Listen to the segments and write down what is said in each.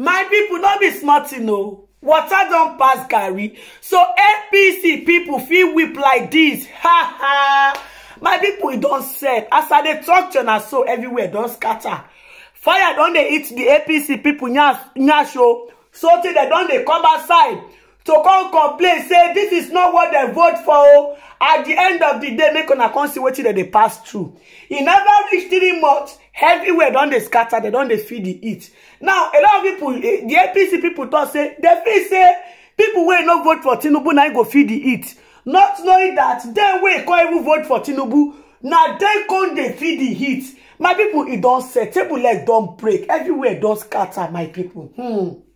my people not be smart, tin know. water don't pass Gary. so apc people feel whip like this. ha ha my people e don't set as i dey tok to na so everywhere don't scatter fire don't dey hit the apc pipo Nya show. Oh. so tey dem don dey come outside to come complain say this is not what they vote for at the end of the day make on come see wetin they pass through e never reach three months everywhere Don't they scatter dem don dey feel di heat now a lot of people, eh, the apc people, tok say they feel say people wey not vote for tinubu na go feed the heat not knowing that dem wey come even vote for tinubu Now dem come they feed the heat my people, it e don't set table leg don't break everywhere don't scatter my people. hmm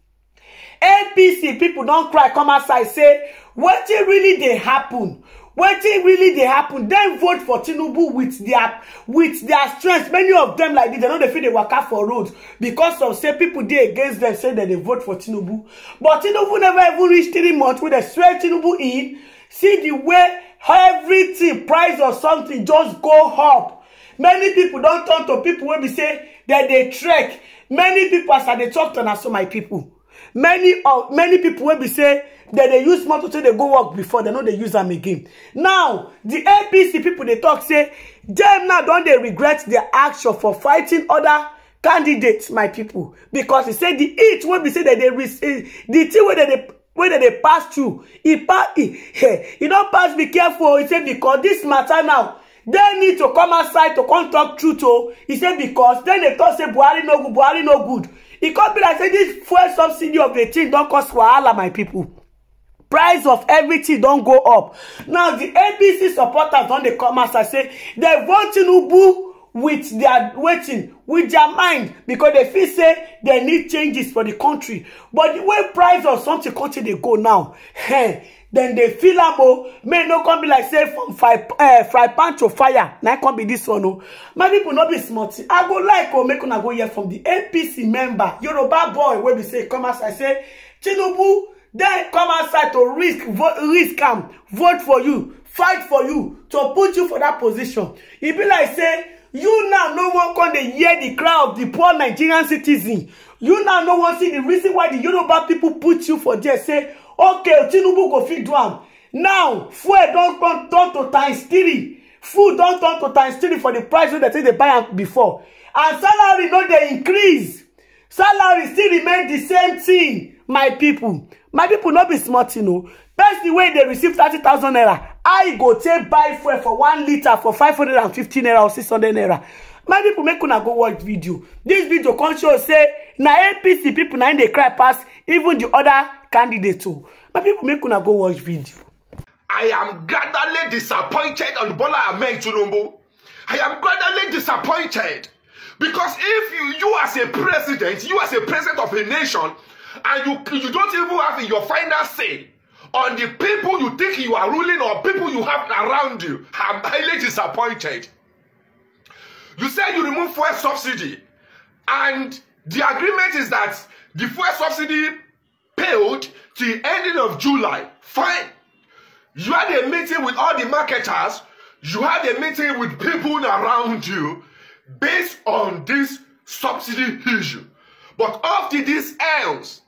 apc people don cry come outside say wetin really dey happen wetin really dey happen dem vote for tinubu with their with their strength many of dem like dis dem no dey fit dey waka for road because of say people dey against them. say dem dey vote for tinubu but tinubu never even reach three months wey dem swear tinubu in see the way everything price of something just go up many people don turn to people wey be say dem dey trek many people as i dey talk to na so my people many of many people wey be say that they use motor say they go work before they know they use them again now the apc people they talk say them now don't they regret their action for fighting other candidates my people? Because e said the heat wey be say that they receive di tin wey dem dey they pass through e pass you don't pass be careful He said because this matter now they need to come outside to come talk truth oh. He said because then they dey say buhari no good buhari no good Because come be say this fuel subsidy of the thing don cause wahala my people, price of everything don't go up now the abc supporters on the commerce I say dem vote tinubu with their waiting with their mind because they feel say they need changes for the country but the way price of something country they go now hey, dem dey feel am oh, may no come be like say from fry eh, pan to fire na can't be this one oh. my people not be smart. i go like oh, make una go here from the apc member yoruba boy where we say come as I say tinubu den come outside to risk risk come vote for you fight for you to put you for that position e be like say you now no one can hear the cry of the poor nigerian citizen you now no one see the reason why the yoruba people put you for there say okay tinubu go fit do am now fuel don turn to times three food don turn to times three for the price wey dem take dey buy am before and salary no dey increase salary still remain the same thing my people my people no be small thing o oh. person wey dey receive thirty thousand naira i go take buy fuel for one liter for five hundred and fifty naira or six hundred naira my people make una go watch video This video come show say na apc people na in dey cry pass even the other candidate too. my people make una go watch video. i am gradually disappointed on bola ahmed tinubu i am gradually disappointed because if you you as a president you as a president of a nation and you you don't even have in your final say on the people you think you are ruling or people you have around you. I'm highly disappointed. You said you remove fuel subsidy, and the agreement is that the fuel subsidy paid to the ending of July. Fine. You had a meeting with all the marketers. You had a meeting with people around you based on this subsidy issue. But after this else,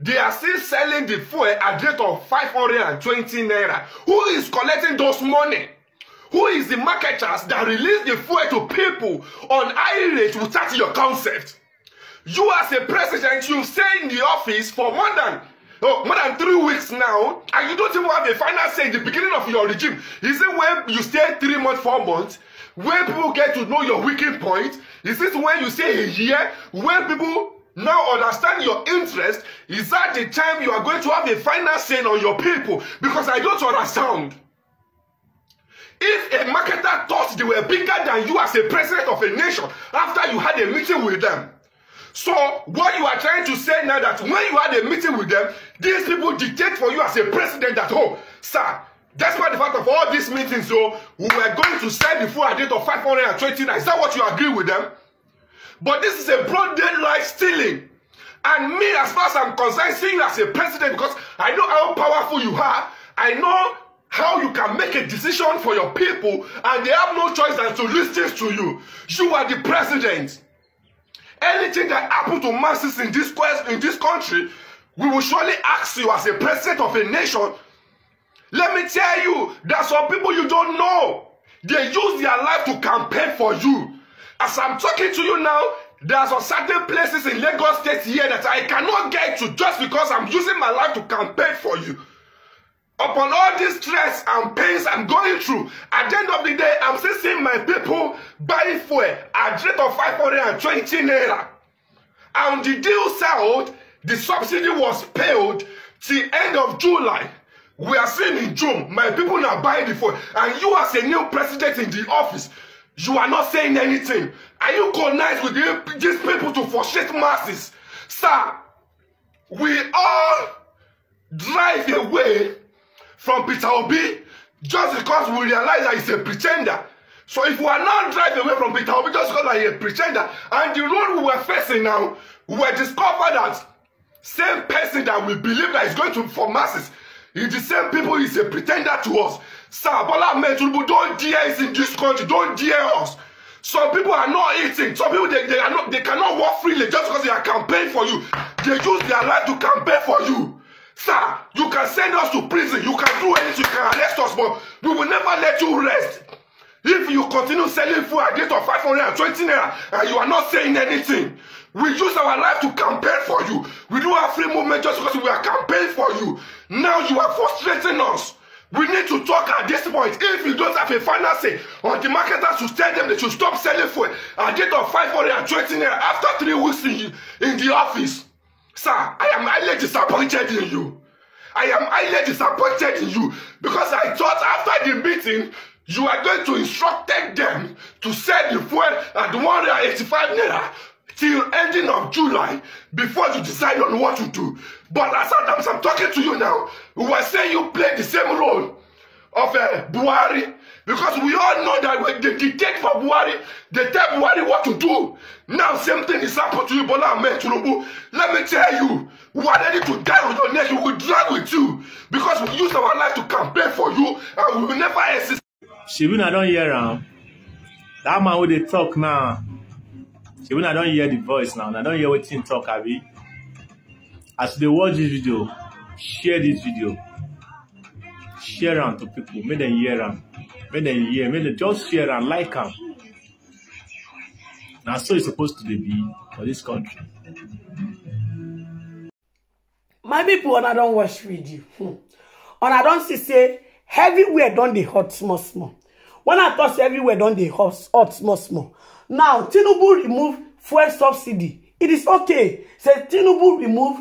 They are still selling the fuel at rate of 520 naira. Who is collecting those money? Who is the marketers that release the fuel to people on high rate without your concept? You as a president, you stay in the office for more than oh, more than three weeks now, and you don't even have a final say in the beginning of your regime. Is it when you stay three months, four months, when people get to know your weakened point? Is it when you stay a year, when people now understand your interest is that the time you are going to have a final say on your people because i don't understand if a marketer thought they were bigger than you as a president of a nation after you had a meeting with them so what you are trying to say now that when you had a meeting with them these people dictate for you as a president that oh sir despite the fact of all these meetings so we were going to sell before a date of five hundred and twenty nine is that what you agree with them But this is a broad daylight stealing. And me, as far as I'm concerned, seeing as a president, because I know how powerful you are, I know how you can make a decision for your people, and they have no choice than to listen to you. You are the president. Anything that happens to masses in this quest, in this country, we will surely ask you as a president of a nation. Let me tell you, there are some people you don't know. They use their life to campaign for you. As I'm talking to you now, there are some certain places in Lagos State here that I cannot get to just because I'm using my life to campaign for you. Upon all this stress and pains I'm going through, at the end of the day, I'm still seeing my people buying fuel at rate of 520 naira. And the deal settled, the subsidy was paid till end of July. We are seeing in June, my people now buying the fuel. And you as a new president in the office, You are not saying anything. Are you connived with these people to frustrate masses? Sir, we all drive away from Peter Obi just because we realize that he's a pretender. So if we are not drive away from Peter Obi just because he's a pretender, and the road we were facing now, we were discovered that same person that we believe that is going to for masses, is the same people He's a pretender to us. Sir Bola Ahmed Tinubu don't dare is in this country. Don't dare us. Some people are not eating. Some people they, they are not they cannot walk freely just because they are campaigning for you. They use their life to campaign for you. Sir, you can send us to prison. You can do anything. You can arrest us, but we will never let you rest. If you continue selling food at rate of 520 naira and you are not saying anything, we use our life to campaign for you. We do our free movement just because we are campaigning for you. Now you are frustrating us. We need to talk at this point. If you don't have a final say on the marketers should tell them they should stop selling for a date of 520 naira after three weeks in, in the office. Sir, I am highly disappointed in you. I am highly disappointed in you because I thought after the meeting you are going to instruct them to sell the fuel at 185 naira till ending of July before you decide on what you do. But as I'm, I'm talking to you now, we were saying you play the same role of uh, Buhari because we all know that when they dictate for Buhari, they tell Buhari what to do. Now same thing is happening to you, Bola Ahmed Tinubu. Let me tell you, we are ready to die with your neck. We will drag with you because we use our life to campaign for you and we will never exist. Shebi, I don't hear him. That man wey dey talk now. Nah she i don hear the voice now and i don hear wetin talk abi as you dey watch this video share this video share am to people. make dem hear am make dem hear make dem just share am like am na so e suppose to dey be for this country my pipo una don watch video hmm. i don see say heavy everywhere don dey hot small small When i touch everywhere don dey hot small small now tinubu remove fuel subsidy it is okay say tinubu remove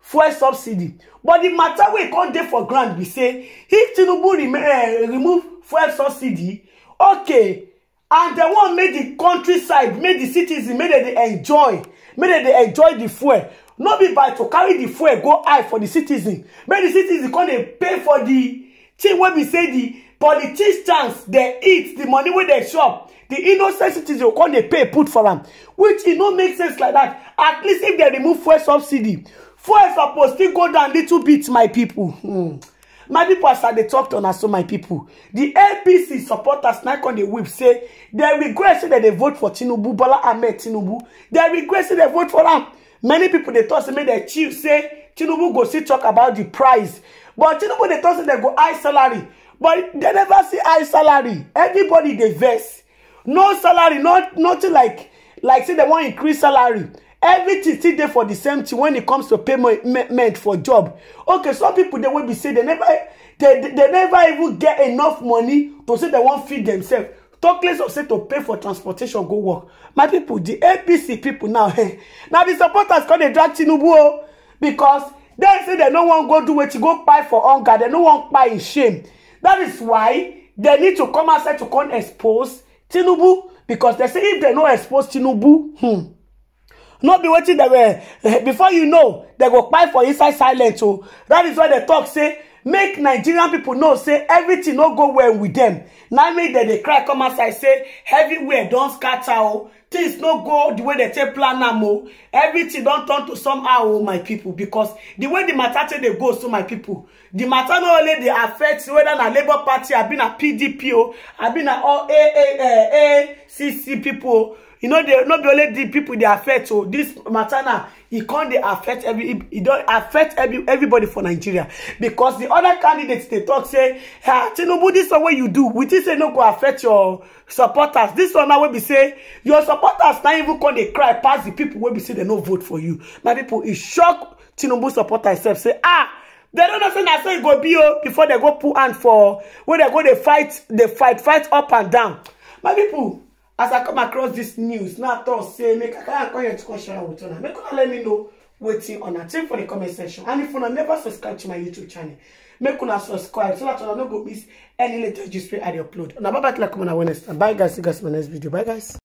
fuel subsidy but the matter we con dey for ground We say if tinubu eh, remove fuel subsidy okay and the one made the countryside made the citizens made dem enjoy made dem enjoy the fuel Not be by to carry the fuel go high for the citizen make the citizens come dey pay for the. thing wey we say the politicians dey eat the money wey dey chop The innocent citizen come dey pay put for am which e no make sense like that. at least if dem remove fuel subsidy fuel suppose still go down little bit my people, hmm my people as i dey tok to so my people, the apc supporters now come dey whip say dem regret say dem dey vote for tinubu bola ahmed tinubu dem regret say dem vote for am many people dey talk say make dem chill say tinubu go still talk about the price but tinubu dey talk say dem go high salary but they never see high salary everybody they vex no salary not nothing like like say dem wan increase salary everything still there for the same thing when it comes to payment for job okay some people they will be say they never they, they, never even get enough money to say they wan feed themselves talk less of say to pay for transportation go work my people the apc people now eh na the supporters call dey drag tinubu oh, because they say dem no wan go do wetin go buy for hunger dem no wan buy in shame That is why they need to come outside to come expose Tinubu because they say if they no expose Tinubu, hmm, no be waiting there. Eh, before you know they go kpai for inside silence o. Oh. That is why they talk say make nigerian people know say everything no go well with dem na make dem dey cry come outside say everywhere don scatter o things no go the way dem take plan am o everything don turn to somehow o my people because the way the matter take dey go so my people. the matter no only dey affect whether na labour party abi na pdp o abi na all aacc pipo o e no be only the people e dey affect o this matter na e can't dey affect every e don't affect every everybody for nigeria because the other candidates they talk say ah tinubu this is what you do we think say no go affect your supporters This one now wey be say your supporters not even con they cry past the people wey be say they no vote for you My people, e shock tinubu supporters sef say ah dem no know say na so e go be o oh, before they go pull hand for when they go they fight fight fight up and down my people as i come across this news na tok say make i call come here to come share with una make una let me know Waiting on una think for the comment section and if una never subscribe to my youtube channel make una subscribe so that una no go miss any latest gist i upload una bye bye till i come on wednesday bye guys see you guys in my next video bye guys